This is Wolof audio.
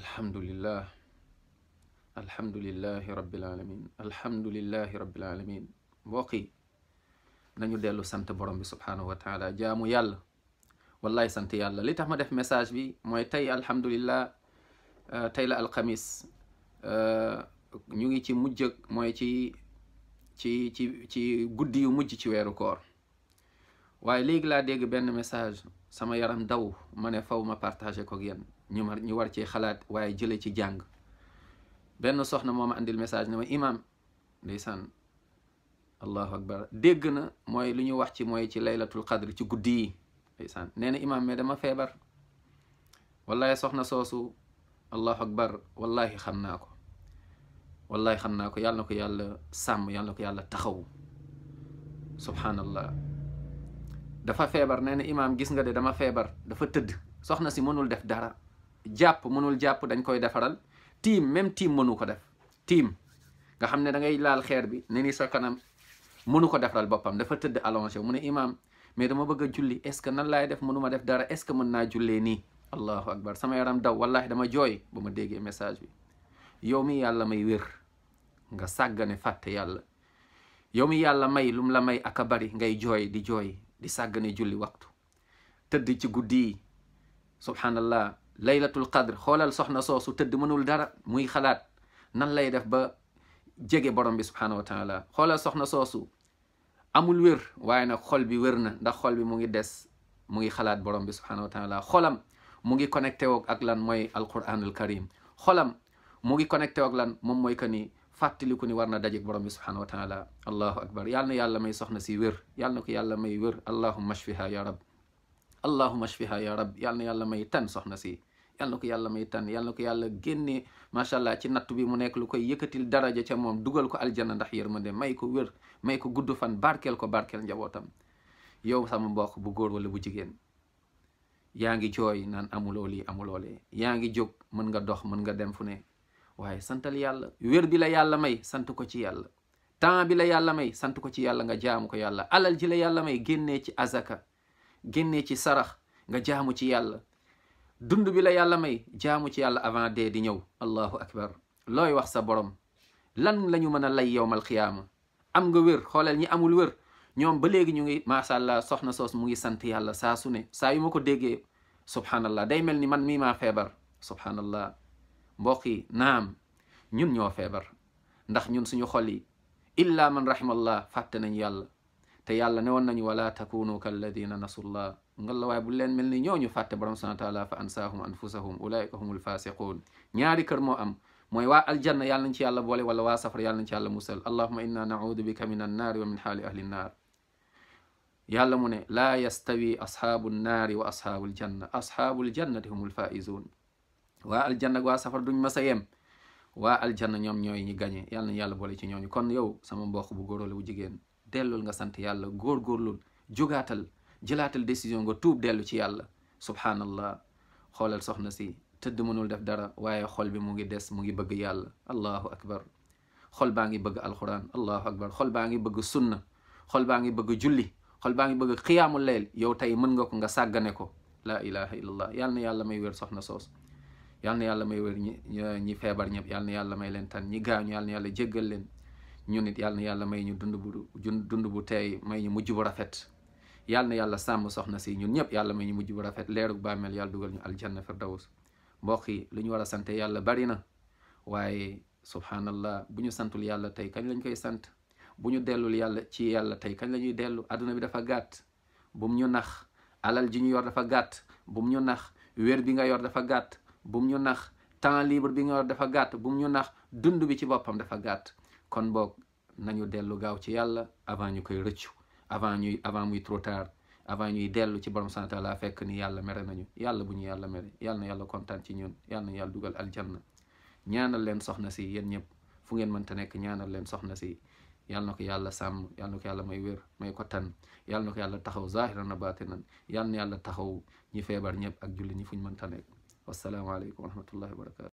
alhamdulillah alhamdulillahi rabbil alamin alhamdulillahi rabbil alamin mbokk yi nañu dellu sant borom bi subhaanahu wa taala jaamu yàlla wallaay sant yàlla li tax ma def message bi mooy tey alhamdulillah euh, tey la alxamis euh, ñu ngi ci mujj mooy ci ci ci ci guddi yu mujj ci weeru koor waaye léegi laa dégg benn message sama yaram daw ma ne faw ma partagé ko ak yéen ñu war ci xalaat waaye jële ci jàng benn soxna moom ma andil message ne ma imaam ndeysaan allahu akbar dégg na mooy lu ñu wax ci mooy ci laylatul qadr ci guddi yi ndeysaan nee na imaam mais dama feebar wallahi soxna soosu allahu akbar wallahi xam naa ko wallahi xam naa ko yàlla na ko yàlla sàmm yàlla na ko yàlla taxaw subhanallah dafa feebar nee na imaam gis nga de dama feebar dafa tëdd soxna si mënul def dara jàpp mënul jàpp dañ koy defaral tiim même tiim mënu ko def tiim nga xam ne da ngay laal xeer bi ne ni sa kanam mënu ko defaral boppam dafa tëdd allongé mu ne imaam mais dama bëgg a julli est ce que nan laay def mënu ma def dara est ce que mën naa jullee nii allahu akbar sama yaram daw wallahi dama jooy ba ma déggee message bi yow mi yàlla may wér nga sàggane fàtte yàlla yow mi yàlla may lum la may ak a bari ngay jooy di jooy di sàggane julli waxtu tëdd ci guddi yi subhanallah laylatul qadr xoolal soxna soosu tëdd mënul dara muy xalaat nan lay def ba jege borom bi subhanahu wa taala xoolal soxna soosu amul wér waaye nag xol bi wér na ndax xol bi mu ngi des mu ngi xalaat borom bi subhanahu wa taala mu ngi connecté woog ak lan mooy alquranul karim xolam mu ngi connecté woog lan moom mooy que ni fàttaliku ni war na dajeek borom bi subhaanahu wa taala allahu akbar yal na yàlla may soxna si wér yal na ko yàlla may wér allahuma ashfiha ya rab allahuma ashfiha ya rab yal na yàlla may tan soxna si yal na ko yàlla may tan yal na ko yàlla génnee macha allah ci nattu bi mu nekk lu koy yëkkatil daraja ca moom dugal ko aljanna ndax yërmande may ko wér may ko gudd fan barkeel ko barkeel njabootam yow sama mbokk bu góor wala bu jigéen yaa ngi jooy naan amuloo lii amuloo yaa ngi jóg mën nga dox mën nga dem fu ne waaye santal yàlla wér bi la yàlla may sant ko ci yàlla temps bi la yàlla may sant ko ci yàlla nga jaamu ko yàlla alal ji la yàlla may génnee ci azaka génnee ci sarax nga jaamu ci yàlla dund bi la yàlla may jaamu ci yàlla avant dee di ñëw allahu akbar looy wax sa borom lan la ñu mën a lay yowmal xiyaama am nga wér xoolal ñi amul wér ñoom ba léegi ñu ngi macha allah soxna soos mu ngi sant yàlla saa su ne saa yu ma ko déggee subhanallah day mel ni man mii maa feebar subhanallah mbokk yi naam ñun ñoo feebar ndax ñun suñu xol yi illa man rahimallah fàtte nañ yàlla te yàlla ne woon nañu wala takunu kalladina nasullah ngalla waaye bu leen mel ni ñooñu fàtte borom subhana taala fa ansaahum anfusahum ulaika humul fasiqun ñaari kër moo am mooy waa aljanna yàlla nañ ci yàlla boole wala waa safar yàlla nañ ci yàlla musal allahuma inna naudu bika min annaari wa min xaali ahli nnaar yàlla mu ne laa yastawi ashaabu nnaari wa ashaabu aljanna ashaabu aljannati humul faizun waa aljanna ak waa safar duñ mas a yem waa aljanna ñoom ñooy ñi gañe yàlla yàlla boole ci ñooñu kon yow sama mbokk bu góor la bu jigéen dellul nga sant yàlla góorgóorlul jogaatal jëlaatal décision nga tuub dellu ci yàlla subhanallah xoolal soxna si tëdd mënul def dara waaye xol bi mu ngi des mu ngi bëgg yàlla allahu akbar xol baa ngi bëgg alquran allahu akbar xol baa ngi bëgg sunna xol baa ngi bëgg julli xol baa ngi bëgg xiyaamul layl yow tey mën nga ko nga sàggane ko laa ilaha illallah yàlla na yàlla may wér soxna soos yal na yàlla may wér ñi ñi feebar ñëpp yal na yàlla may leen tan ñi gaañu yal na yàlla jéggal leen ñun it yal na yàlla may ñu dund bu dund bu teey may ñu mujj bu rafet yal na yàlla sàmm soxna si ñun ñëpp yàlla may ñu mujj bu rafet leerug bàmmeel yàlla dugal ñu aljanna firdaws mbokk yi lu ñu war a sante yàlla bari na waaye subhanallah bu ñu santul yàlla tey kañ lañ koy sant bu ñu dellul yàlla ci yàlla tey kañ la dellu àdduna bi dafa gàtt bum ñu nax alal ji ñu yor dafa gàtt bum ñu nax wér bi nga yor dafa gàtt bum ñu nax temps libre bi nga war dafa gàtt bum ñu nax dund bi ci boppam dafa gàtt kon boog nañu dellu gaaw ci yàlla avant ñu koy rëccu avant ñuy avant muy trop avant ñuy dellu ci borom sant la fekk ni yàlla mere nañu yàlla bu ñu yàlla mere yàlla na yàlla kontaan ci ñun yàlla na yàlla dugal aljanna ñaanal leen soxna si yéen ñëpp fu ngeen mënta nekk ñaanal leen soxna si yàlla ko yàlla sàmm yàlla ko yàlla may wér may kottan tan yàlla na ko yàlla taxaw zahiran na baatinan yàlla na yàlla taxaw ñi feebar ñëpp ak julli ñi fuñ manta nekk wassalaamu aleykum wa rahmatullahi wa barakatu